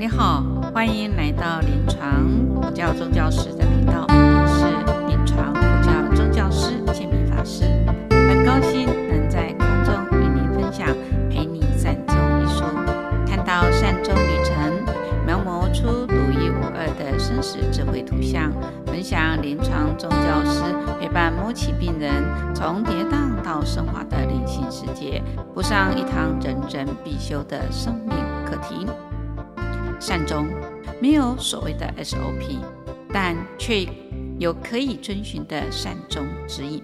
你好，歡迎來到臨床佛教宗教師的頻道，我是臨床佛教宗教師建明法師，很高興能在空中與您分享《陪你善終》一書，看到善終旅程，描摹出獨一無二的生死智慧圖像，分享臨床宗教師陪伴末期病人從跌宕到昇華的靈性世界，補上一堂人人必修的生命課題。善終沒有所謂的 SOP，但卻有可以遵循的善終指引。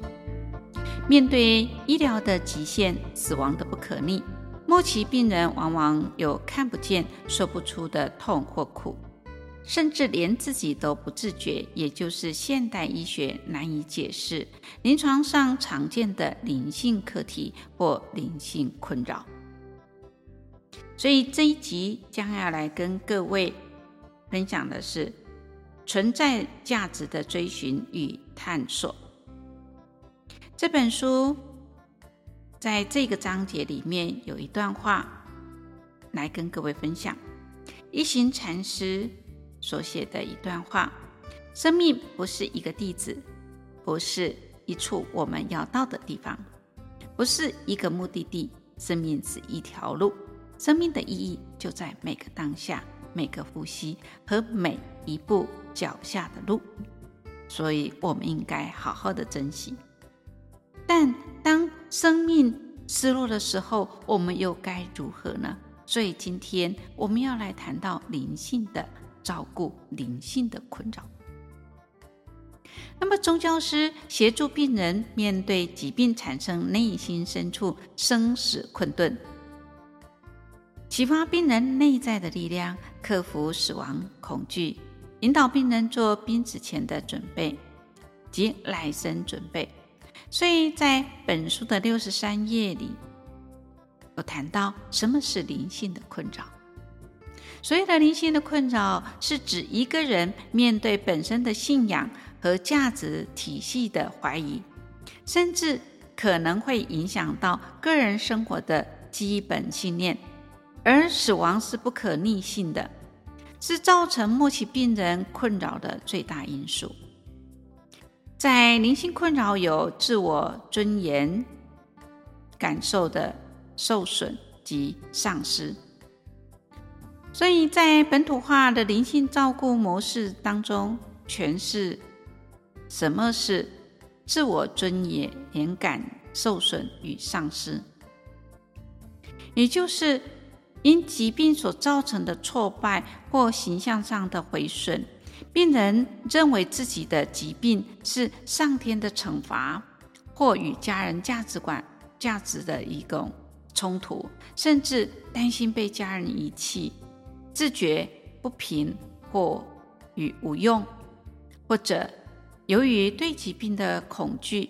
面對醫療的極限、死亡的不可逆，末期病人往往有看不見、說不出的痛或苦，甚至連自己都不自覺，也就是現代醫學難以解釋，臨床上常見的靈性課題或靈性困擾。所以這一集將要來跟各位分享的是存在價值的追尋與探索，這本書在這個章節裡面有一段話來跟各位分享，一行禪師所寫的一段話：生命不是一個地址，不是一處我們要到的地方，不是一個目的地，生命是一條路。生命的意義就在每個當下、每個呼吸和每一步腳下的路，所以我們應該好好的珍惜。但當生命失落的時候，我們又該如何呢？所以今天我們要來談到靈性的照顧、靈性的困擾。那麼，宗教師協助病人面對疾病產生內心深處生死困頓。啟發病人內在的力量，克服死亡恐懼，引導病人做瀕死前的準備及來生準備。所以在本書的六十三頁裡，有談到什麼是靈性的困擾。所謂的靈性的困擾，是指一個人面對本身的信仰和價值體系的懷疑，甚至可能會影響到個人生活的基本信念。而死亡是不可逆性的，是造成末期病人困擾的最大因素。在靈性困擾有自我尊嚴感受的受損及喪失，所以在本土化的靈性照顧模式當中詮釋什麼是自我尊嚴嚴感受損與喪失，也就是。因疾病所造成的挫敗或形象上的毀損，病人認為自己的疾病是上天的懲罰，或與家人價值觀、價值的一種衝突，甚至擔心被家人遺棄，自覺不平或與無用，或者由於對疾病的恐懼，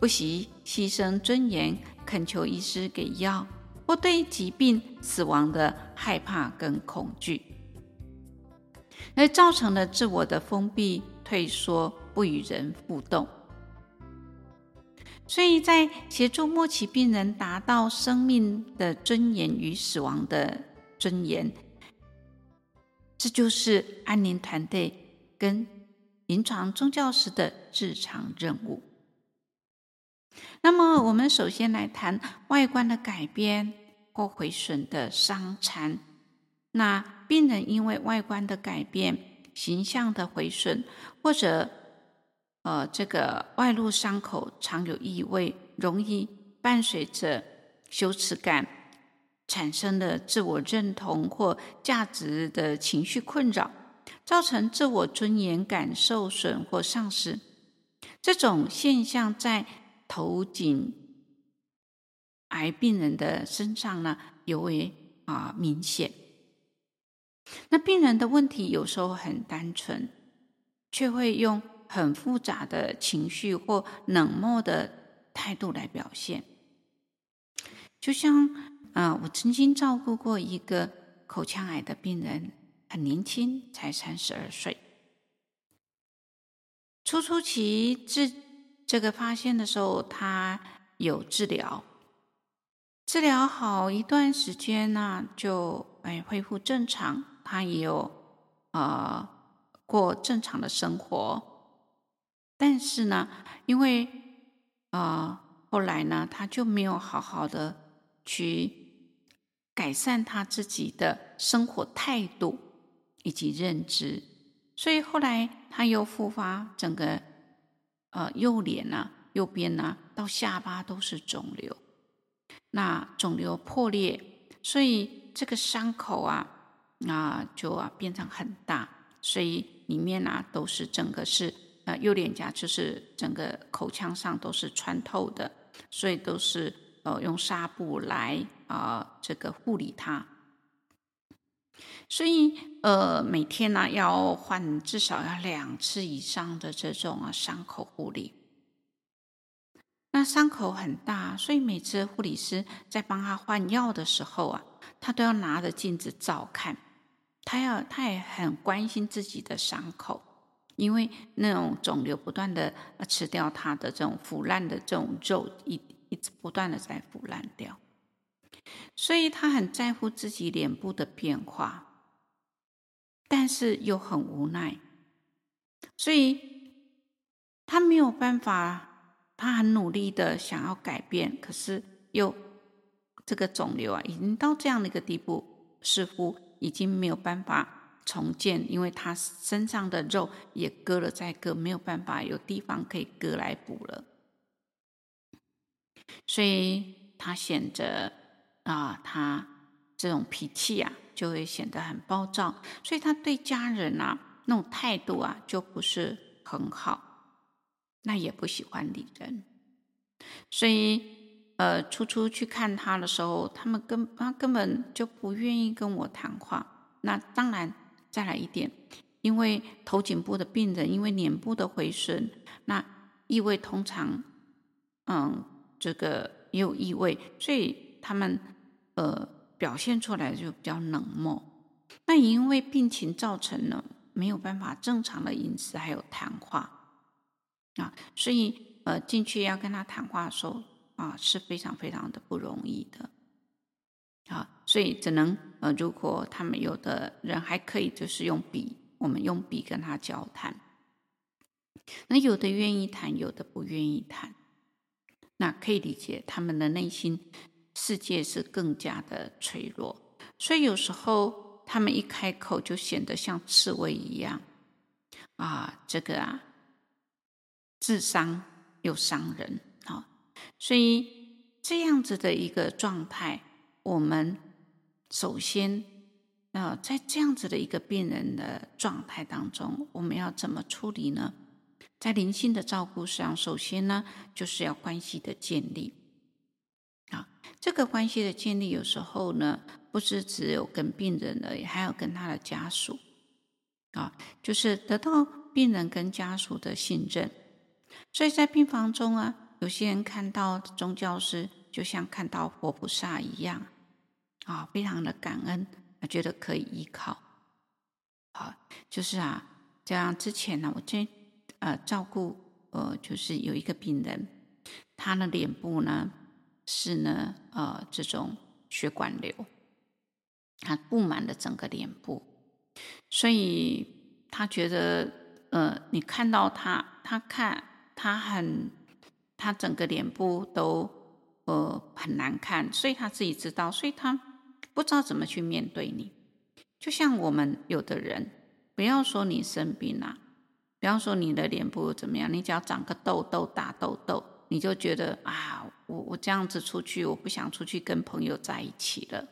不惜犧牲尊嚴，懇求醫師給藥。或對疾病、死亡的害怕跟恐懼，而造成了自我的封閉、退縮、不與人互動。所以，在協助末期病人達到生命的尊嚴與死亡的尊嚴，這就是安寧團隊跟臨床宗教師的日常任務。那麼，我們首先來談外觀的改變。或毀損的傷殘，那病人因為外觀的改變、形象的毀損，或者呃這個外露傷口常有異味，容易伴隨着羞恥感，產生了自我認同或價值的情緒困擾，造成自我尊嚴感受損或喪失。這種現象在頭頸癌病人的身上呢，尤為啊，呃，明顯。那病人的問題有時候很單純，卻會用很複雜的情緒或冷漠的態度來表現。就像啊，呃，我曾經照顧過一個口腔癌的病人，很年輕，才三十二歲。初初期治這個發現的時候，他有治療。治療好一段時間呢，就哎恢復正常，他也有呃過正常的生活。但是呢，因為啊、呃、後來呢，他就沒有好好的去改善他自己的生活態度以及認知，所以後來他又復發，整個呃右臉吶，右邊吶，到下巴都是腫瘤。那腫瘤破裂，所以這個傷口啊，啊、呃、就啊變成很大，所以裡面呢、啊、都是整個是，啊、呃、右臉頰就是整個口腔上都是穿透的，所以都是呃用紗布來啊、呃、這個護理它，所以呃每天呢、啊、要換至少要兩次以上的這種啊傷口護理。那傷口很大，所以每次護理師在幫他換藥的時候啊，他都要拿着鏡子照看。他要，他也很關心自己的傷口，因為那種腫瘤不斷的吃掉他的這種腐爛的這種肉，一一直不斷的在腐爛掉，所以他很在乎自己臉部的變化，但是又很無奈，所以他沒有辦法。他很努力的想要改變，可是又這個腫瘤啊，已經到這樣的一個地步，似乎已經沒有辦法重建，因為他身上的肉也割了再割，沒有辦法有地方可以割來補了。所以他顯得啊、呃，他這種脾氣啊，就會顯得很暴躁，所以他對家人啊，那種態度啊，就不是很好。那也不喜歡理人，所以呃，初初去看他的時候，他們根他根本就不願意跟我談話。那當然，再來一點，因為頭頸部的病人，因為臉部的毀損，那異味通常嗯，這個也有異味，所以他們呃表現出來就比較冷漠。那因為病情造成了沒有辦法正常的飲食，還有談話。啊，所以呃，進去要跟他談話的時候啊，是非常非常的不容易的，啊，所以只能呃，如果他們有的人還可以，就是用筆，我們用筆跟他交談。那有的願意談，有的不願意談，那可以理解他們的內心世界是更加的脆弱，所以有時候他們一開口就顯得像刺蝟一樣，啊，這個啊。自傷又傷人，好，所以這樣子的一個狀態，我們首先啊，在這樣子的一個病人的狀態當中，我們要怎麼處理呢？在靈性的照顧上，首先呢，就是要關係的建立。啊，這個關係的建立，有時候呢，不是只有跟病人而已，還有跟他的家屬啊，就是得到病人跟家屬的信任。所以在病房中啊，有些人看到宗教師，就像看到活菩薩一樣，啊、哦，非常的感恩，覺得可以依靠。好、哦，就是啊，這樣之前呢、啊，我這呃照顧呃，就是有一個病人，他的臉部呢是呢呃這種血管瘤，他布滿了整個臉部，所以他覺得呃，你看到他，他看。他很，他整個臉部都呃很難看，所以他自己知道，所以他不知道怎麼去面對你。就像我們有的人，不要說你生病了，不要說你的臉部怎麼樣，你只要長個痘痘、大痘痘，你就覺得啊，我我這樣子出去，我不想出去跟朋友在一起了。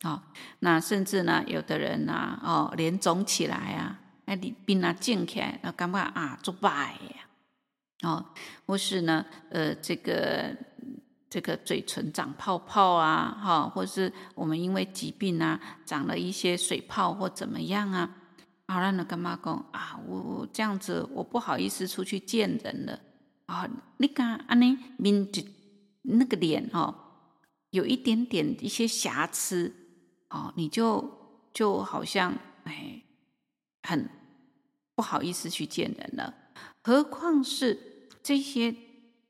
啊、哦，那甚至呢，有的人啊，哦，臉腫起來啊，哎，你病啊，腫起來，那感覺啊，做白呀。哦，或是呢，呃，這個這個嘴唇長泡泡啊，哈、哦，或是我們因為疾病啊，長了一些水泡或怎麼樣啊，好、哦，讓你乾媽說啊，我這樣子，我不好意思出去見人了啊、哦。你個啊，尼，面就那個臉哦，有一點點一些瑕疵哦，你就就好像哎，很不好意思去見人了。何況是這些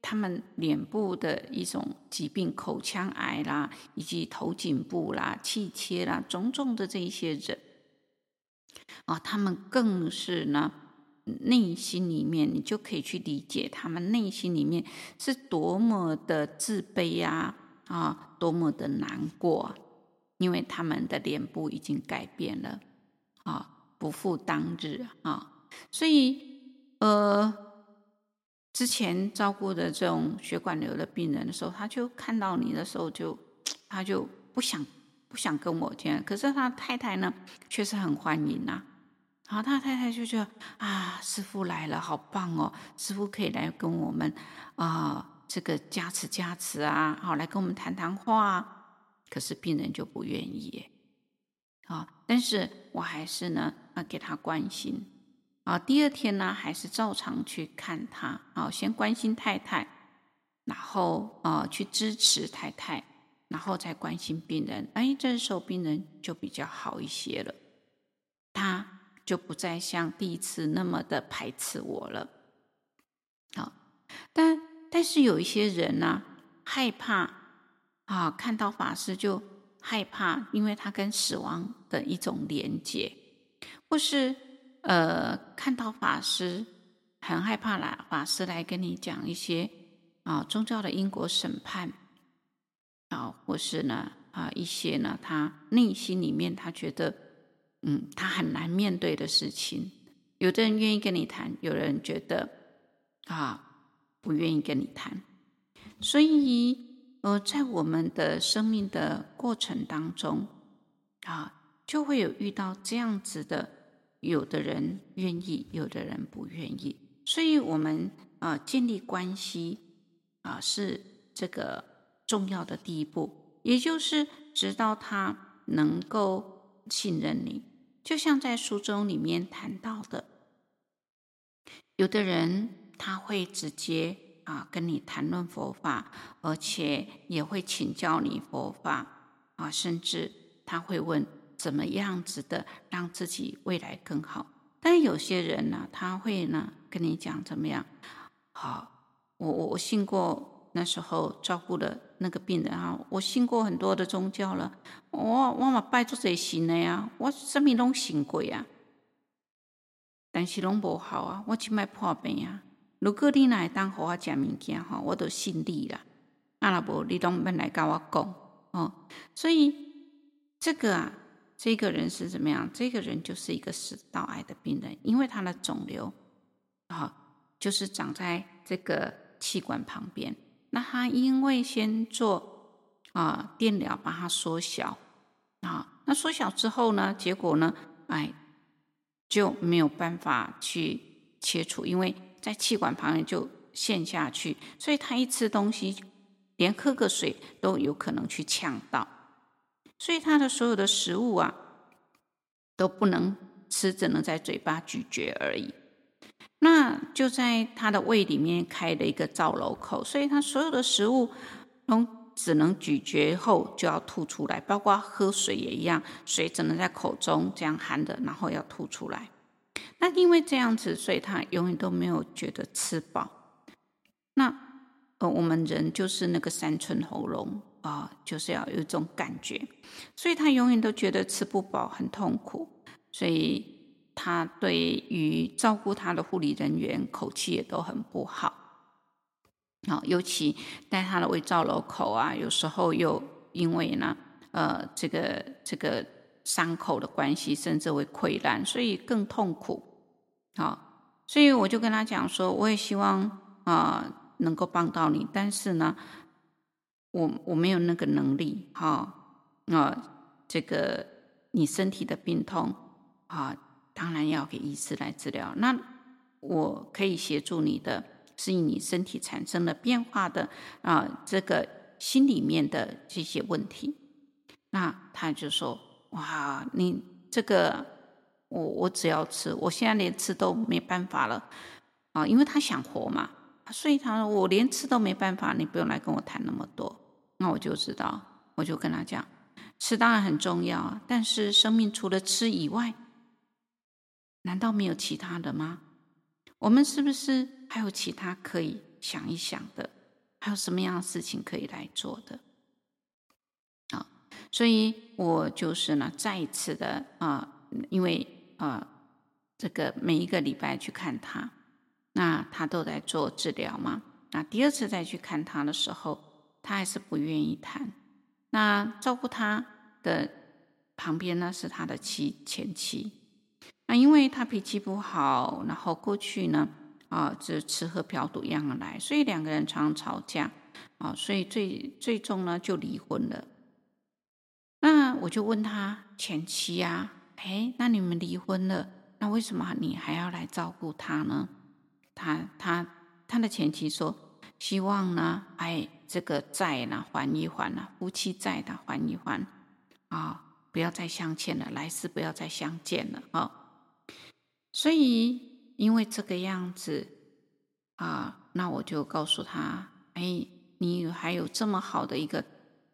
他們臉部的一種疾病，口腔癌啦，以及頭頸部啦、氣切啦，種種的這些人，啊，他們更是呢內心裡面，你就可以去理解他們內心裡面是多麼的自卑啊啊，多麼的難過啊，因為他們的臉部已經改變了啊，不復當日啊，所以。呃，之前照顧的這種血管瘤的病人的時候，他就看到你的時候就，就他就不想不想跟我見。可是他太太呢，確實很歡迎吶、啊。然後他太太就覺得啊，師父來了，好棒哦，師父可以來跟我們啊、呃，這個加持加持啊，好，來跟我們談談話、啊。可是病人就不願意。啊，但是我還是呢啊，給他關心。啊，第二天呢，還是照常去看他啊，先關心太太，然後啊、呃，去支持太太，然後再關心病人。哎，這時候病人就比較好一些了，他就不再像第一次那麼的排斥我了。好、哦，但但是有一些人呢、啊，害怕啊、呃，看到法師就害怕，因為他跟死亡的一種連結，或是。呃，看到法師很害怕啦，法師來跟你講一些啊宗教的因果審判，啊，或是呢啊一些呢，他內心裡面他覺得嗯，他很難面對的事情。有的人願意跟你談，有的人覺得啊不願意跟你談。所以，呃，在我們的生命的過程當中啊，就會有遇到這樣子的。有的人願意，有的人不願意，所以我們啊、呃、建立關係啊、呃、是這個重要的第一步，也就是直到他能夠信任你。就像在書中裡面談到的，有的人他會直接啊、呃、跟你談論佛法，而且也會請教你佛法啊、呃，甚至他會問。怎麼樣子的讓自己未來更好？但有些人呢、啊，他會呢跟你講怎麼樣？好、哦，我我我信過那時候照顧的那個病人哈，我信過很多的宗教了，哦、我我嘛拜諸子也信的呀、啊，我什麼攏信過呀、啊，但是攏無好啊，我這馬破病啊。如果你來當和我講物件哈，我都信你了。阿、啊、若無，你攏沒來跟我講哦，所以這個啊。這個人是怎麼樣？這個人就是一個食道癌的病人，因為他的腫瘤啊，就是長在這個氣管旁邊。那他因為先做啊電療，把它縮小啊，那縮小之後呢，結果呢，哎就沒有辦法去切除，因為在氣管旁邊就陷下去，所以他一吃東西，連喝個水都有可能去嗆到。所以他的所有的食物啊都不能吃，只能在嘴巴咀嚼而已。那就在他的胃裡面開了一個造瘻口，所以他所有的食物都，哦，只能咀嚼後就要吐出來，包括喝水也一樣，水只能在口中這樣含着，然後要吐出來。那因為這樣子，所以他永遠都沒有覺得吃飽。那呃，我們人就是那個三寸喉嚨。啊、呃，就是要有一種感覺，所以他永遠都覺得吃不飽，很痛苦。所以他對於照顧他的護理人員，口氣也都很不好。啊、呃，尤其在他的胃造瘻口啊，有時候又因為呢，呃，這個這個傷口的關係，甚至會潰爛，所以更痛苦，呃。所以我就跟他講說，我也希望啊、呃，能夠幫到你，但是呢。我我沒有那個能力，哈、哦，啊、呃，這個你身體的病痛啊、呃，當然要給醫師來治療。那我可以協助你的，適應你身體產生了變化的啊、呃，這個心裡面的這些問題。那他就說，哇，你這個我我只要吃，我現在連吃都沒辦法了，啊、呃，因為他想活嘛，所以他說：我連吃都沒辦法，你不用來跟我談那麼多。那我就知道，我就跟他講，吃當然很重要啊，但是生命除了吃以外，難道沒有其他的嗎？我們是不是還有其他可以想一想的？還有什麼樣的事情可以來做的？啊，所以我就是呢，再一次的啊、呃，因為啊、呃，這個每一個禮拜去看他，那他都在做治療嘛。那第二次再去看他的時候。他還是不願意談。那照顧他的旁邊呢，是他的妻前妻。那因為他脾氣不好，然後過去呢啊，就、呃、吃喝嫖賭樣樣來，所以兩個人常常吵架啊、呃，所以最最終呢就離婚了。那我就問他前妻啊，誒，那你們離婚了，那為什麼你還要來照顧他呢？他他他的前妻說。希望呢，哎，這個債呢還一還了，夫妻債呢還一還，啊、哦，不要再相欠了，來世不要再相見了，啊、哦。所以因為這個樣子啊、哦，那我就告訴他，哎，你還有這麼好的一個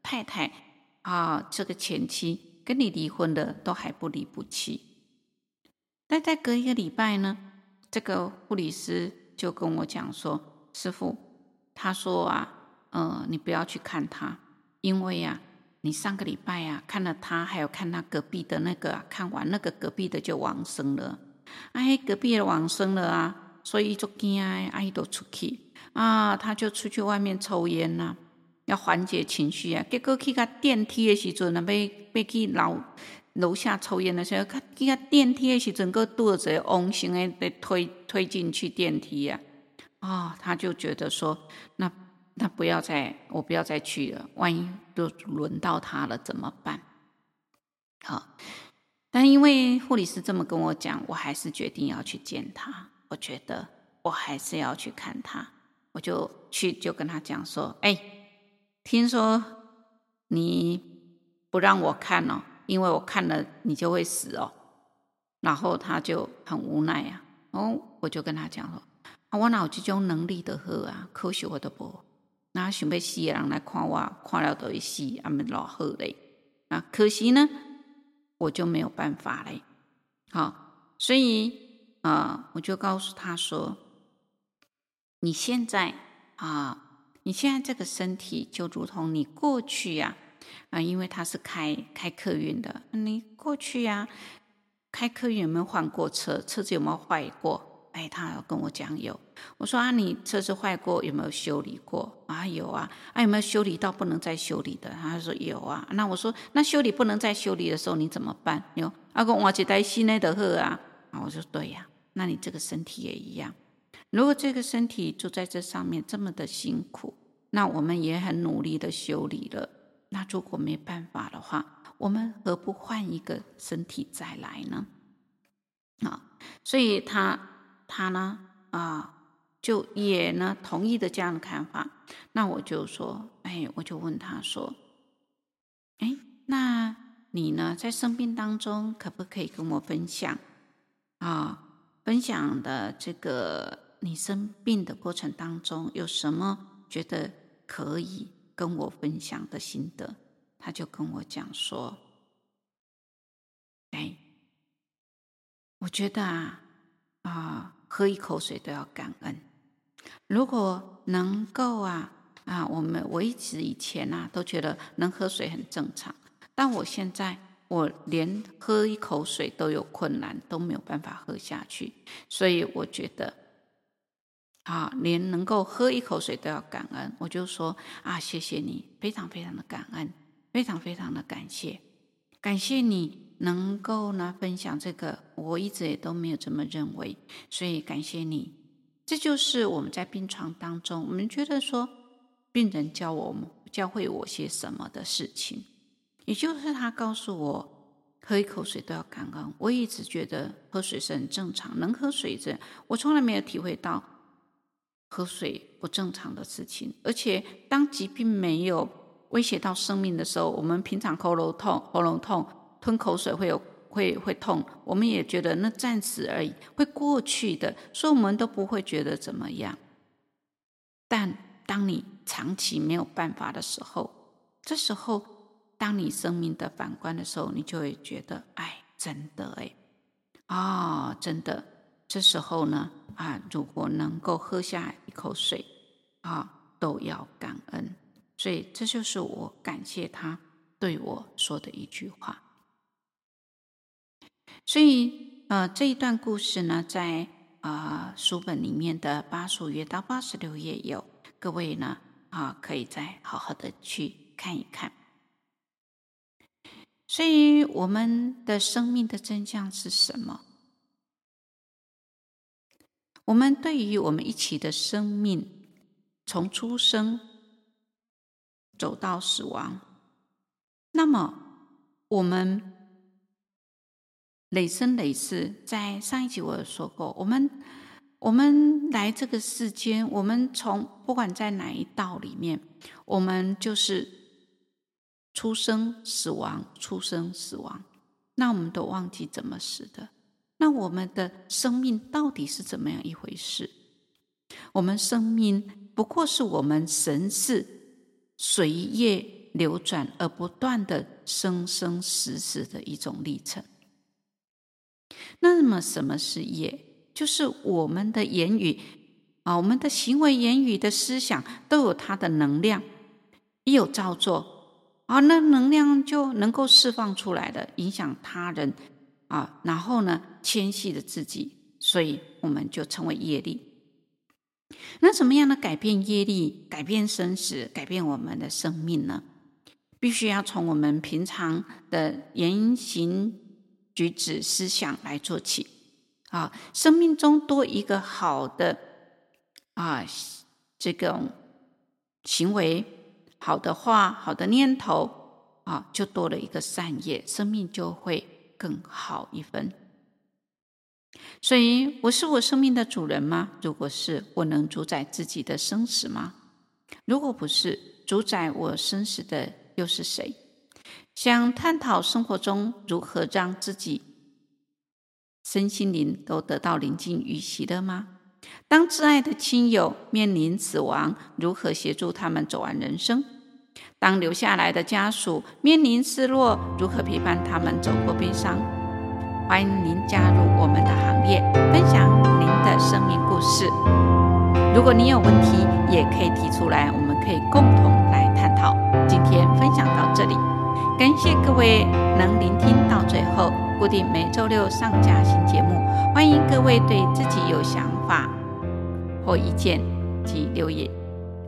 太太啊、哦，這個前妻跟你離婚的都還不離不棄。那再隔一個禮拜呢，這個護理師就跟我講說，師父。他說啊，呃，你不要去看他，因為啊，你上個禮拜啊看了他，還有看他隔壁的那個，看完那個隔壁的就往生了。哎、啊，隔壁的往生了啊，所以、啊、就驚，阿姨都出去啊，他就出去外面抽菸啦、啊，要緩解情緒啊。結果去到電梯的時陣啊，被要，要去樓樓下抽菸的時候，去到電梯的時陣，佫肚子嗡往生的，被推推進去電梯啊。哦，他就覺得說，那那不要再，我不要再去了，萬一就輪到他了怎麼辦？好、哦，但因為護理師這麼跟我講，我還是決定要去見他。我覺得我還是要去看他，我就去就跟他講說，哎，聽說你不讓我看哦，因為我看了你就會死哦。然後他就很無奈呀、啊，哦，我就跟他講說。我哪有這種能力的喝啊！可惜我的不，那想要死的人來看我，看了都會死，俺們老好嘞。那可惜呢，我就沒有辦法嘞。好，所以啊、呃，我就告訴他說：“你現在啊、呃，你現在這個身體就如同你過去呀啊、呃，因為他是開開客運的，你過去呀、啊、開客運有沒有換過車？車子有沒有壞過？”哎，他有跟我講有。我說啊，你車子壞過有沒有修理過啊？有啊。啊有沒有修理到不能再修理的？他說有啊。那我說，那修理不能再修理的時候，你怎麼辦？你、啊、說，阿公我只帶新的去啊。啊，我說對呀、啊。那你這個身體也一樣，如果這個身體就在這上面這麼的辛苦，那我們也很努力的修理了。那如果沒辦法的話，我們何不換一個身體再來呢？啊，所以他。他呢啊，就也呢同意的這樣的看法。那我就說，哎，我就問他說，哎，那你呢在生病當中，可不可以跟我分享啊？分享的這個你生病的過程當中，有什麼覺得可以跟我分享的心得？他就跟我講說，哎，我覺得啊啊。喝一口水都要感恩。如果能夠啊啊，我們我一直以前啊都覺得能喝水很正常，但我現在我連喝一口水都有困難，都沒有辦法喝下去。所以我覺得啊，連能夠喝一口水都要感恩。我就說啊，謝謝你，非常非常的感恩，非常非常的感謝，感謝你。能夠呢，分享這個，我一直也都沒有這麼認為，所以感謝你。這就是我們在病床當中，我們覺得說，病人教我們教會我些什麼的事情，也就是他告訴我，喝一口水都要感恩。我一直覺得喝水是很正常，能喝水這我從來沒有體會到喝水不正常的事情。而且當疾病沒有威脅到生命的時候，我們平常喉嚨痛，喉嚨痛。吞口水會有會會痛，我們也覺得那暫時而已，會過去的，所以我們都不會覺得怎麼樣。但當你長期沒有辦法的時候，這時候當你生命的反觀的時候，你就會覺得，哎，真的，哎、哦，啊真的。這時候呢，啊，如果能夠喝下一口水，啊，都要感恩。所以這就是我感謝他對我說的一句話。所以，呃，這一段故事呢，在呃書本裡面的八十五頁到八十六頁有，各位呢，啊、呃，可以再好好的去看一看。所以，我們的生命的真相是什麼？我們對於我們一期的生命，從出生走到死亡，那麼我們。累生累世，在上一集我有說過，我們我們來這個世間，我們從不管在哪一道裡面，我們就是出生、死亡、出生、死亡。那我們都忘記怎麼死的。那我們的生命到底是怎麼樣一回事？我們生命不過是我們神識隨業流轉而不斷的生生死死的一種歷程。那麼什麼是業？就是我們的言語啊，我們的行為、言語的思想都有它的能量。一有造作，啊，那能量就能夠釋放出來的，影響他人啊，然後呢，牽繫着自己，所以我們就稱為業力。那怎麼樣的改變業力，改變生死，改變我們的生命呢？必須要從我們平常的言行舉止思想來做起，啊，生命中多一個好的啊，這種、個、行為好的話，好的念頭啊，就多了一個善業，生命就會更好一分。所以，我是我生命的主人嗎？如果是，我能主宰自己的生死嗎？如果不是，主宰我生死的又是誰？想探討生活中如何讓自己身心靈都得到寧靜與喜樂嗎？當摯愛的親友面臨死亡，如何協助他們走完人生？當留下來的家屬面臨失落，如何陪伴他們走過悲傷？歡迎您加入我們的行列，分享您的生命故事。如果您有問題，也可以提出來，我們可以共同來探討。今天分享到這裡。感謝各位能聆聽到最後。固定每週六上架新節目，歡迎各位對自己有想法或意見及留言，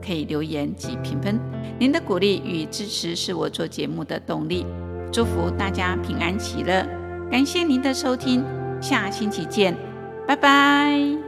可以留言及評分。您的鼓勵與支持是我做節目的動力。祝福大家平安喜樂，感謝您的收聽，下星期見，拜拜。